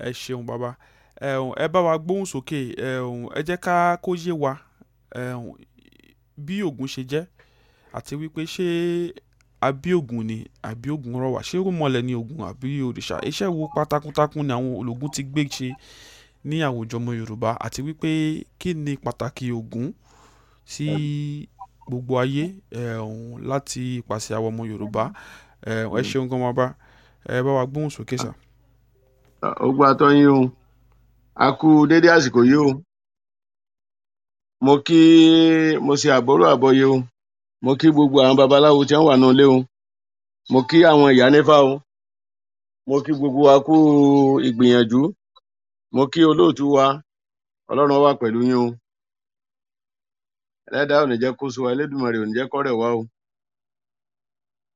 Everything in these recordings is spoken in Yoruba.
ẹ ṣeun bàbá ẹ bá wa gbóhùn sókè ẹ jẹ́ ká kó yé wa bí Ògún ṣe jẹ́ àti wípé ṣé àbí Ògún ni àbí Ògún rọ̀ wá ṣé rúmọlẹ̀ ni Ògún àbí òrìṣà iṣẹ́ wo pátákútákún ni àwọn ológun ti gbé ṣe ní àwùjọ ọmọ Yorùbá àti wípé kí ni pàtàkì Ògún sí gbogbo ayé láti ipasẹ̀ àwọn ọmọ Yorùbá ẹ ṣeun gan-an ẹ bá wa gbóhùn sókè sà ogbó atọ́ yín o a kú dédé àsìkò yìí o mo kí mo ṣe àbọrú àbọyè o mo kí gbogbo àwọn babaláwo tí wọn wà nílé o mo kí àwọn ìyá nífà o mo kí gbogbo wa kú ìgbìyànjú mo kí olóòtú wa ọlọ́run wà pẹ̀lú yín o ẹlẹ́dàá ò ní jẹ́ kó sú wa elédùmarè ò ní jẹ́ kọ́rẹ̀ wá o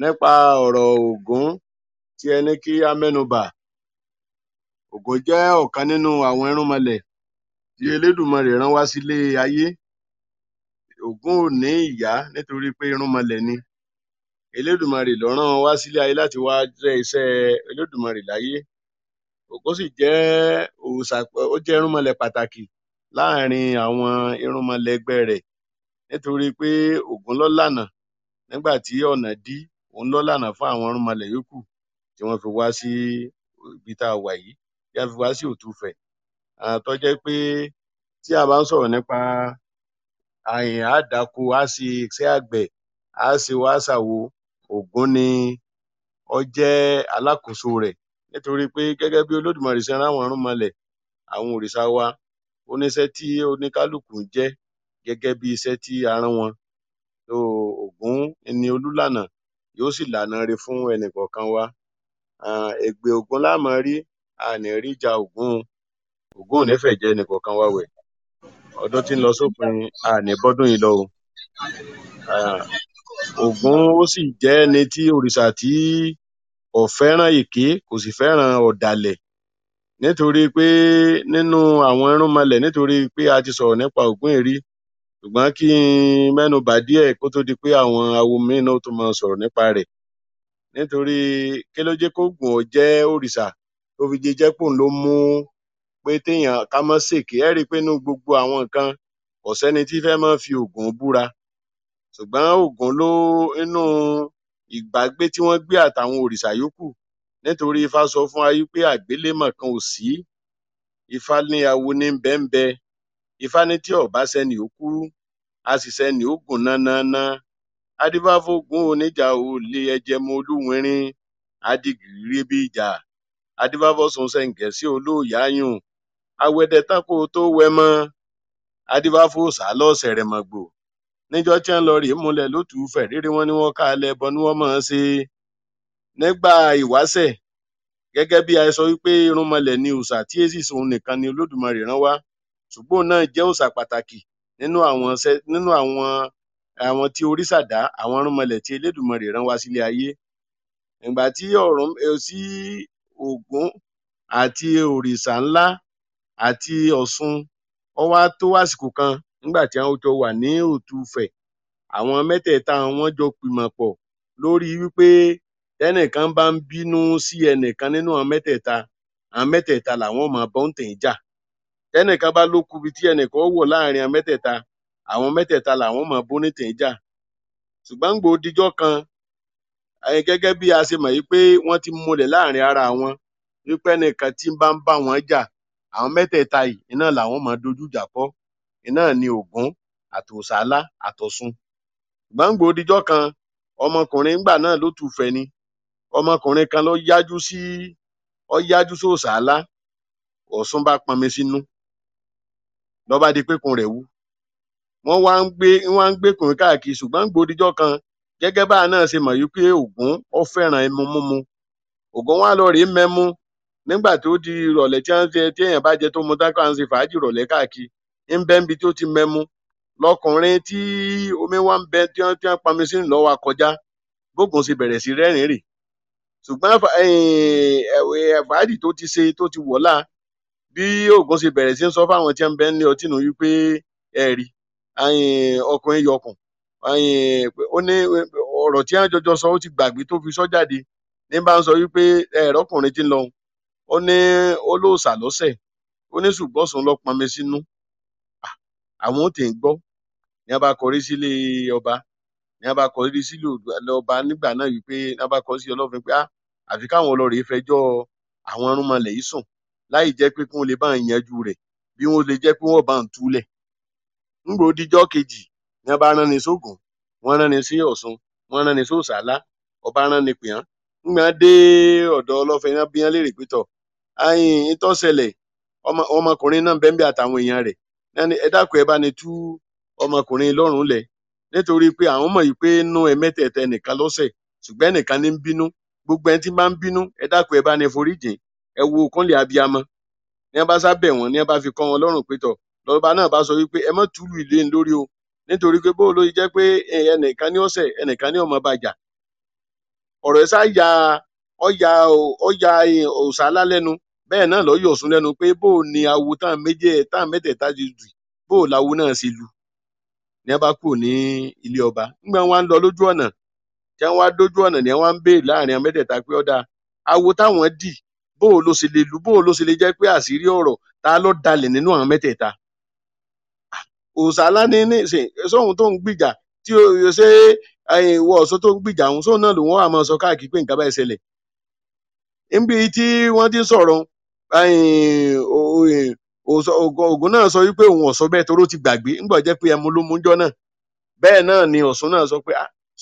nípa ọ̀rọ̀ ògún tí ẹ kí á mẹ́nu bà Ògo jẹ́ ọ̀kan nínú àwọn irúnmọlẹ̀ tí Elédùmarè rán wá sílé ayé. Ògún ò ní ìyá nítorí pé irúnmọlẹ̀ ni. Elédùmarè ló rán wọn wá sílé ayé láti wá jẹ́ iṣẹ́ Elédùmarè láyé. Ògún sì jẹ́ òòṣà, ó jẹ́ irúnmọlẹ̀ pàtàkì láàárín àwọn irúnmọlẹ̀ ẹgbẹ́ rẹ̀ nítorí pé Ògún ló lànà nígbà tí ọ̀nà dí, òun ló lànà fún àwọn irúnmọlẹ̀ yòókù tí wọ́n fi wá sí ibi tá a wà yìí kí a fi wá sí òtúfẹ̀ um tó jẹ́ pé tí a bá ń sọ̀rọ̀ nípa á dáko, á ṣe iṣẹ́ àgbẹ̀, á ṣe wá-ṣàwo, Ògún ni ó jẹ́ alákòóso rẹ̀ nítorí pé gẹ́gẹ́ bí Olódùmarè ṣe rán àwọn irúnmọlẹ̀, àwọn òrìṣà wa ó tí oníkálùkù ń jẹ́ gẹ́gẹ́ bí iṣẹ́ tí a rán wọn um Ògún ni olúlànà yóò sì lànà ire fún ẹnìkọ̀ọ̀kan wa um ègbè Ògún la máa rí a ní rí ìjà Ògún o Ògún ò ní fẹ̀ jẹ ẹnìkọ̀ọ̀kan wa wẹ̀ ọdún tí ń lọ sópin a ní bọ́dún yìí lọ o um Ògún ó sì jẹ́ ẹni tí òrìṣà tí kò fẹ́ràn èké kò sì fẹ́ràn ọ̀dàlẹ̀ nítorí pé nínú àwọn irúnmọlẹ̀ nítorí pé a ti sọ̀rọ̀ nípa Ògún yìí rí ṣùgbọ́n kí n mẹ́nubà díẹ̀ kó tó di pé àwọn awo míì náà ó tún máa sọ̀rọ̀ nípa rẹ̀ nítorí kí ló jẹ́ k'Ógún ó jẹ́ òrìṣà tó fi jẹ jẹ́ pé òun ló mú pé téèyàn ká má ṣèké ẹ rí i pé nínú gbogbo àwọn nǹkan kò sẹ́ni tí fẹ́ máa fi Ògún búra ṣùgbọ́n Ògún ló inú ìgbàgbé tí wọ́n gbé àtàwọn òrìṣà yòókù nítorí Ifá sọ fún wa wípé àgbélémọ̀ kan ò sí Ifá ní ní bẹ́ńbẹ́ Ifá ní tí ọ̀bá sẹ́ni ó kúrú a sì sẹ́ni ó gùn nánáná adífáfógún oníjà olè ẹjẹmọ olúwìnrin adigiríbíjà adífá-fọsùn ṣẹ̀ǹgẹ̀-sí olóòyàyùn awẹdẹ tán kó o tó wẹmọ adífá-fòòṣà lọ́sẹ̀rẹ̀mọ̀gbò níjọ́ tí wọ́n lọ rèé múlẹ̀ lótùúfẹ̀ rírí wọn ni wọ́n ká alẹ́ ẹbọ ni wọ́n máa ń ṣe nígbà ìwáṣẹ̀ gẹ́gẹ́ bí a sọ wípé irúnmọlẹ̀ ni òòṣà tí èsì sòun nìkan ni olódùmarè rán wá ṣùgbọ́n náà jẹ́ òòṣà pàtàkì nínú àwọn nínú àwọn àwọn tí òrìṣà dá àwọn irúnmọlẹ̀ tí elédùmarè rán wá sílé ayé ìgbà tí ọ̀run eh, tí ògún àti òrìṣà ńlá àti ọ̀ṣun ó wàá tó àsìkò kan nígbà tí wọ́n wà ní òtúfẹ̀ àwọn mẹ́tẹ̀ẹ̀ta wọn jọ pìmọ̀ pọ̀ lórí wípé pé bá ń bínú sí ẹnìkan nínú àwọn mẹ́tẹ̀ẹ̀ta àwọn mẹ́tẹ̀ẹ̀ta làwọn bọ́ǹtẹ̀ jà tẹ́nìkan bá ló kubi tí ẹnìkan wọ̀ àwọn mẹ́tẹ̀ẹ̀ta àwọn mẹ́tẹ̀ẹ̀ta làwọn jà ṣùgbọ́n kan gẹ́gẹ́ bí a ṣe mọ̀ wí pé wọ́n ti múlẹ̀ láàrin ara wọn wí pẹ́nìkan tí bá ń bá wọn jà àwọn mẹ́tẹ̀ẹ̀ta yìí iná làwọn máa dojú ìjà kọ iná ni Ògún àtòsálá àtọ̀sùn ṣùgbọ́n ńgbò dijọ́ kan ọmọkùnrin ńgbà náà ló tù fẹ́ ni ọmọkùnrin kan ló yájú sí ó yájú sòsálá Ọ̀ṣun bá pọnmi sínú ló bá di pékun rẹ̀ wú wọ́n wá ń gbé wọ́n wá ń gbékùn káàkiri ṣùgbọ́n ńgbò kan gẹ́gẹ́ bá a náà ṣe mọ̀ wípé Ògún ó fẹ́ràn ẹmu múmu Ògún wá lọ rèé mẹ́mu nígbà tó di ìrọ̀lẹ́ tí wọ́n ṣe tí èèyàn bá jẹ tó mu tán kan ṣe fàájì ìrọ̀lẹ́ káàkiri ń bẹ́ níbi tí ó ti mẹ́mu lọkùnrin tí omi wá ń bẹ tí wọ́n ti ń pami sí ńlọ wa kọjá bógun ṣe bẹ̀rẹ̀ sí rẹ́rìn rè ṣùgbọ́n fàájì tó ti ṣe tó ti wọ̀ọ́lá bí Ògún ṣe bẹ̀rẹ̀ sí sọ fáwọn tí wọ́n ń bẹ ní ọtí nù wípé ẹ̀rí ọkùnrin yọkùn ó ní ọ̀rọ̀ tí wọ́n jọjọ sọ ó ti gbàgbé tó fi sọ jáde ní bá ń sọ wípé ẹ̀rọ ọkùnrin ti ń lọ ó ní olóòṣà lọ́sẹ̀ ó ní ṣùgbọ́n òun ló pọnmi sínú ah, àwọn ò tè ń gbọ́ ní wọ́n bá kọrí sílé ọba ní wọ́n bá kọrí sílé ọba nígbà náà wípé ní wọ́n bá kọrí sí ọlọ́fin pé ah, àfi káwọn ọlọ́rẹ̀ fẹjọ́ àwọn irúnmọlẹ̀ yìí sùn láì jẹ́ pé kí wọ́n lè bá yanjú rẹ̀ bí wọ́n lè jẹ́ pé wọ́n bá ń túlẹ̀. ńgbò ó kejì ní wọn bá rán ni sógun wọn rán ni sí ọsùn wọn rán ni sóòsàlà ọba rán ni pìán nígbà dé ọdọ ọlọfẹ wọn bí wọn léèrè ayin tó ọmọkùnrin náà bẹ àtàwọn èèyàn rẹ̀ ẹ dákun ẹ bá ní tú ọmọkùnrin nítorí gbogbo ẹni tí bá ń bínú ẹ dákun ẹ bá ní ẹ wo abiyamọ ní wọn bá sábẹ̀ ní bá fi kọ́ wọn lọ́rùn nítorí pé bóò ló ṣe jẹ́ pé eh, ẹnìkan ní ọ̀sẹ̀ ẹnìkan ní ọmọ bàjá ọ̀rọ̀ ẹ̀ sá ya ọ̀ya ọ̀ya eh, òsálá lẹ́nu bẹ́ẹ̀ náà lọ́ọ́ yọ̀sùn lẹ́nu pé bó ni ní awo tá à ń méjì tá à ń mẹ́tẹ̀ẹ̀ta ti dù bó o náà ṣe lu ní wọn bá kúrò ní ilé ọba nígbà wọn lọ lójú ọ̀nà tí wọn wá dójú ọ̀nà ni wọn ń béèrè láàrin àwọn mẹ́tẹ̀ẹ̀ta pé ọ̀dà awo táwọn dì bó o ló ṣe lè lu bó ló ṣe lè jẹ́ pé àṣírí ọ̀rọ̀ ta ló dalẹ̀ nínú àwọn mẹ́tẹ̀ẹ̀ta òòsà ní nísìn sóhun tó ń gbìjà tí o ṣe ìwọ ọ̀ṣọ́ tó ń gbìjà òun sóhun náà lòun á máa sọ káàkiri pé nǹkan ṣẹlẹ̀ níbi tí wọ́n ti sọ wípé òun ọ̀ṣọ́ bẹ́ẹ̀ toró ti gbàgbé jẹ́ pé ẹmu ló náà ni náà sọ pé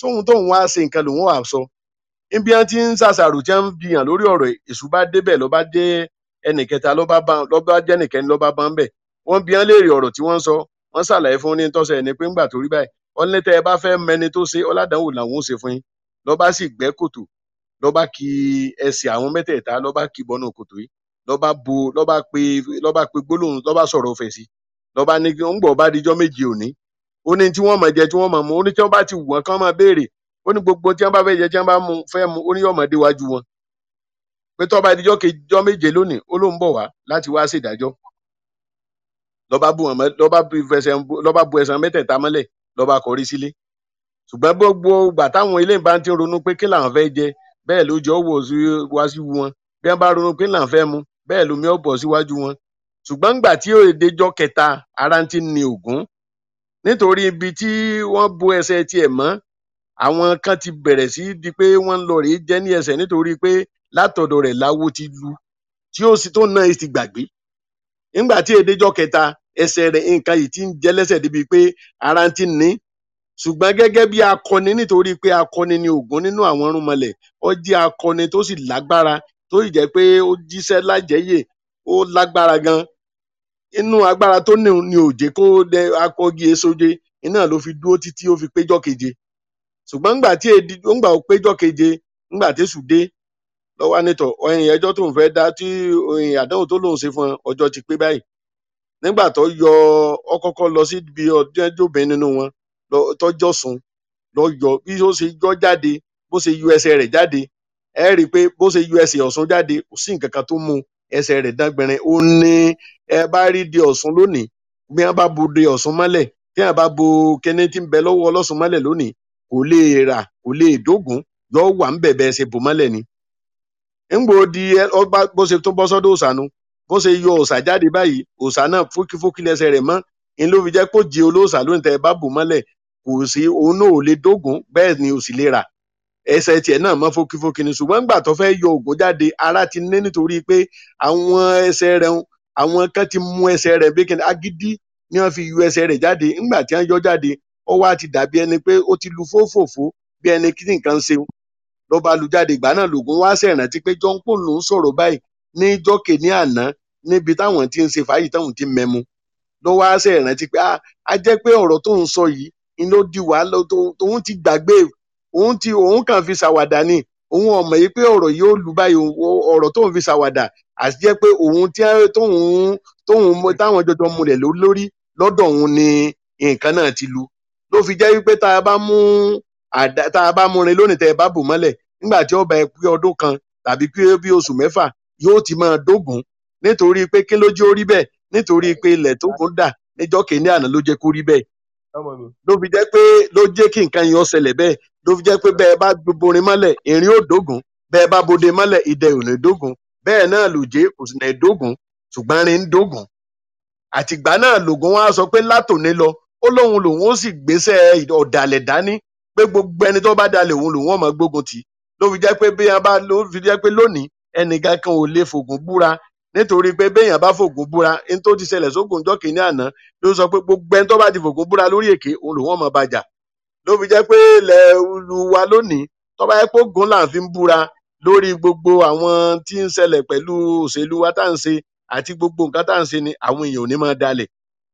sóhun ah, wá ṣe nǹkan lòun wà sọ ti ń ṣàṣàrò tí ń lórí ọ̀rọ̀ èṣù bá bi léèrè ọ̀rọ̀ sọ wọn ṣàlàyé fún un ní tó ṣẹlẹ̀ ni pé ńgbà tó rí báyìí wọn ní tẹ ẹ bá fẹ́ mẹni tó ṣe ọládàáwò làwọn ò ṣe fún yín ló bá sì gbẹ́ kòtò ló bá ki ẹsẹ̀ àwọn mẹ́tẹ̀ẹ̀ta ló bá kì bọnú kòtò yìí ló bá bo ló bá pe ló bá pe gbólóhùn ló bá sọ̀rọ̀ ọ̀fẹ́ sí ló bá ní ń gbọ bá dijọ́ méje òní ó ní tí wọn máa jẹ tí wọn máa mu ó ní tí wọn bá ti wù wọn kán máa béèrè ó ní gbogbo tí wọn bá fẹ́ jẹ tí wọn bá mu fẹ́ mu ó ní yọmọ déwájú wọn pé tó dijọ́ kejì jọ́ méje lónìí ó lóun bọ̀ wá láti wá ṣèdájọ́ ló bá bù wọ́n mọ́ ló bá bu ẹsẹ̀ ló bá bu ẹsẹ̀ mẹ́tẹ̀ẹ̀ta mọ́lẹ̀ ló bá kọrí sílé ṣùgbọ́n gbogbo ìgbà táwọn ilé ìbá ti ronú pé kí làwọn fẹ́ jẹ bẹ́ẹ̀ ló jọ wò sí wá sí wọn bí wọ́n bá ronú pé làwọn fẹ́ mu bẹ́ẹ̀ lomi ọ̀bọ̀ síwájú wọn ṣùgbọ́n ńgbà tí èdè jọ kẹta ara ti ní ògún nítorí ibi tí wọ́n bu ẹsẹ̀ tiẹ̀ mọ́ àwọn kan ti bẹ̀rẹ̀ sí di pé wọ́n lọ rèé jẹ́ ní ẹsẹ̀ nítorí pé látọ̀dọ̀ rẹ̀ láwo ti lu tí ó sì tó náà ti gbàgbé nígbà tí èé déjọ́ kẹta ẹsẹ̀ rẹ̀ nǹkan yìí ti ń jẹ́ lẹ́sẹ̀ débi pé ara ti ń ní ṣùgbọ́n gẹ́gẹ́ bí akọni nítorí pé akọni ni Ògún nínú àwọn irúnmọlẹ̀ ó jẹ́ akọni tó sì lágbára tó sì jẹ́ pé ó jíṣẹ́ lájẹyè ó lágbára gan inú agbára tó ní ni òjé kó dẹ akọgi èsoje iná ló fi dúró títí ó fi péjọ keje ṣùgbọ́n ńgbà tí èdí ńgbà ó péjọ keje ńgbà tésù dé lọ wá nítọ ọyìn ẹjọ tóun fẹẹ dá tí ọyìn àdánwò tó lòun ṣe fún ọ ọjọ ti pé báyìí nígbà tó yọ ọ kọkọ lọ sí ibi ọdẹjọbìn nínú wọn tọjọ sùn lọ yọ bí ó ṣe yọ jáde bó ṣe yọ ẹsẹ rẹ jáde ẹ rí i pé bó ṣe yọ ẹsẹ ọ̀sùn jáde kò sí nǹkan kan tó mú ẹsẹ rẹ dágbẹrin ó ní ẹ bá rí di ọ̀sùn lónìí bí wọn bá bo de ọ̀sùn mọ́lẹ̀ bí wọn bá bo kẹne tí ń bẹ lọ́wọ́ ọlọsùn mọ́lẹ̀ lónìí kò lè rà kò lè dógùn yọ wà ń bẹbẹ ṣe bò mọ́lẹ̀ ni ńgbò di bó ṣe tó bọ́ sọ́dọ̀ òòṣà nu bó ṣe yọ òòṣà jáde báyìí òòṣà náà fúkífúkí lẹ́sẹ̀ rẹ̀ mọ́ ń ló fi jẹ́ kó jẹ olóòṣà lónìí tẹ́ ẹ bá bò mọ́lẹ̀ kò sí òun náà ò lè dógùn bẹ́ẹ̀ ni ò sì lè rà ẹsẹ̀ tiẹ̀ náà mọ́ fúkífúkí ni ṣùgbọ́n nígbà tó fẹ́ yọ ògo jáde ara ti ní nítorí pé àwọn ẹsẹ̀ rẹ̀ àwọn kan ti mú ẹsẹ̀ rẹ̀ bí kíni agídí ni wọ́n fi yọ ẹsẹ̀ rẹ̀ jáde ńgbà tí wọ́n yọ jáde ó wá ti dàbí ẹni pé ó ti lu fófòfó bí ẹni kí nǹkan ṣe ló bá lù ú jáde ìgbà náà lògún wá ṣèrántí pé john paul ló ń sọ̀rọ̀ báyìí ní jọ́kè ní àná níbi táwọn ti ń ṣe fàájì táwọn ti mẹ́mu ló wá ṣèrántí pé ah, a jẹ́ pé ọ̀rọ̀ tó ń sọ yìí ni ló di wàhálà òun ti gbàgbé òun ti òun kàn fi ṣàwàdà ni òun ọmọ yìí pé ọ̀rọ̀ yìí ó lù báyìí ọ̀rọ̀ tóun fi ṣàwàdà àti jẹ́ pé òun tóun táwọn jọjọ múlẹ̀ lórí lọ́dọ̀ òun ni nǹkan náà ti lù ló fi jẹ́ wípé tá a bá mú tá a bá múrin lónìí tẹ ẹ bá bù mọ́lẹ̀ nígbà tí ó pé ọdún kan tàbí pé bí oṣù mẹ́fà yóò ti máa dógùn nítorí pé kí ló jẹ́ ó nítorí pé ilẹ̀ tó kún dà níjọ́ kìíní àná ló jẹ́ kó rí bẹ́ẹ̀ ló fi pé ló jẹ́ kí nǹkan yẹn bẹ́ẹ̀ pé bẹ́ẹ̀ bá borin mọ́lẹ̀ ìrìn ò dógùn bẹ́ẹ̀ bá bode mọ́lẹ̀ ò ní dógùn bẹ́ẹ̀ náà lòjé kò dógùn ṣùgbọ́n dógùn àtìgbà náà lògùn pé gbogbo ẹni tó bá dalẹ̀ òun lòun ọmọ gbógun tì ló fi jẹ́ pé béèyàn bá ló fi jẹ́ pé lónìí ẹnìkan kan ò lè fògùn búra nítorí pé béèyàn bá fògùn búra ní tó ti ṣẹlẹ̀ sógun ọjọ́ kìíní àná ló sọ pé gbogbo ẹni tó bá ti fògùn búra lórí èké òun lòun ọmọ bàjà ló fi jẹ́ pé ilẹ̀ olùwà lónìí tó bá yẹ pé ogun là ń fi búra lórí gbogbo àwọn tí ń ṣẹlẹ̀ pẹ̀lú òṣèlú wa tá à ń ṣe àti gbogbo nǹkan tá à ń ṣe ni àwọn èèyàn ò ní máa dalẹ̀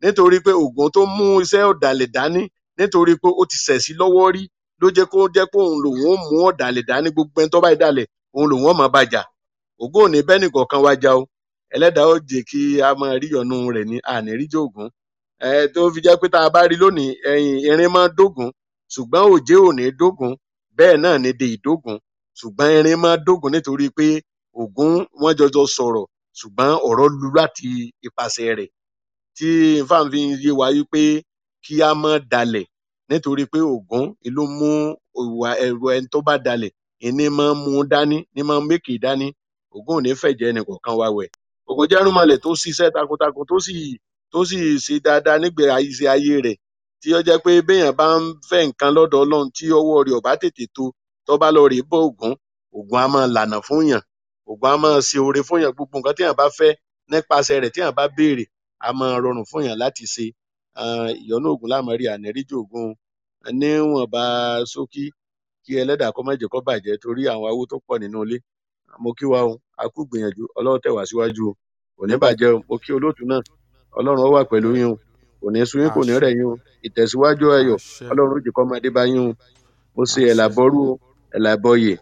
nítorí pé ogun tó mú iṣẹ́ ọ̀dàlẹ̀ dání nítorí pé ó ti ṣẹ̀ sí i lọ́wọ́ rí ló jẹ́ kó jẹ́ pé òun lòun ó mú ọ̀dàlẹ̀ dání gbogbo ẹni tó bá dàlẹ̀ òun lòun ó máa bá jà ògo ò ní bẹ́nì kọ̀ọ̀kan wá jà o ẹlẹ́dàá ó jẹ́ kí a máa rí ìyọnu rẹ̀ ní àní ríjọ́ ẹ tó fi jẹ́ pé tá a bá rí lónìí irin máa dógùn ṣùgbọ́n òjé ò ní dógùn bẹ́ẹ̀ náà ni dè ìdógùn ṣùgbọ́n irin máa dógùn nítorí pé ògún wọ́n jọjọ sọ̀rọ̀ ṣùgbọ́n ọ̀rọ̀ lu láti ipasẹ̀ rẹ̀ tí nfa fi yé wa yí pé kí á má dalẹ̀ nítorí pé Ògún ló mú ìwà ẹ̀rù ẹni tó bá dalẹ̀ ní máa ń mú dání ní máa ń mékè e dání Ògún ò ní fẹ̀jẹ̀ ẹnì kọ̀ọ̀kan wa wẹ̀ Ògún Járúnmalẹ̀ tó ṣiṣẹ́ takuntakun tó sì tó sì ṣe dáadáa nígbà ìgbésí ayé rẹ̀ tí ó jẹ́ pé béèyàn bá ń fẹ́ nǹkan lọ́dọ̀ Ọlọ́run tí ọwọ́ rẹ̀ ò bá tètè to tó bá lọ rèé bá Ògún Ògún á máa lànà fún yàn Ògún á máa ṣe oore fún yàn gbogbo nǹkan téèyàn bá fẹ́ nípasẹ̀ rẹ̀ téèyàn bá béèrè á máa rọrùn fún yàn láti ṣe um ìyọnú oògùn la máa rí àní rí jòògùn níwọ̀nba ṣókí kí ẹlẹ́dàá kọ́ má jẹ́ kó bàjẹ́ torí àwọn awó tó pọ̀ nínú ilé mo kí wa o a kú gbìyànjú ọlọ́run tẹ̀ wá síwájú o kò ní bàjẹ́ o mo kí olóòtú náà ọlọ́run ó wà pẹ̀lú yín o kò ní sú yín kò ní rẹ̀ yín o ìtẹ̀síwájú ayọ̀ ọlọ́run ó jẹ́ kó máa dé bá yín o mo ṣe ẹ̀làbọ́rú o ẹ̀làbọyè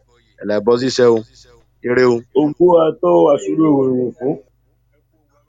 ẹ̀làbọ́ o ire o. ògo àtọ́ àṣírí òwò